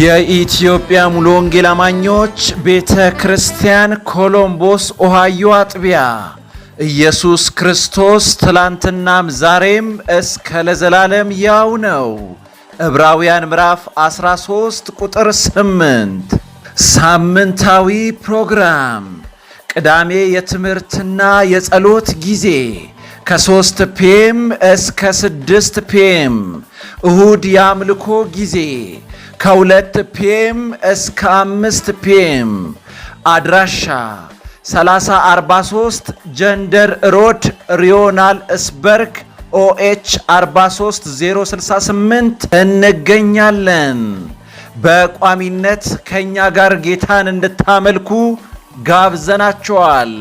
የኢትዮጵያ ሙሉ ወንጌል አማኞች ቤተ ክርስቲያን ኮሎምቦስ ኦሃዮ አጥቢያ ኢየሱስ ክርስቶስ ትላንትናም ዛሬም እስከ ለዘላለም ያው ነው። ዕብራውያን ምዕራፍ 13 ቁጥር 8 ሳምንታዊ ፕሮግራም ቅዳሜ የትምህርትና የጸሎት ጊዜ ከሶስት ፒኤም እስከ ስድስት ፒኤም እሁድ የአምልኮ ጊዜ ከሁለት ፒኤም እስከ አምስት ፒኤም አድራሻ 343 ጀንደር ሮድ ሪዮናል ስበርግ ኦኤች 43068 እንገኛለን። በቋሚነት ከእኛ ጋር ጌታን እንድታመልኩ ጋብዘናቸዋል።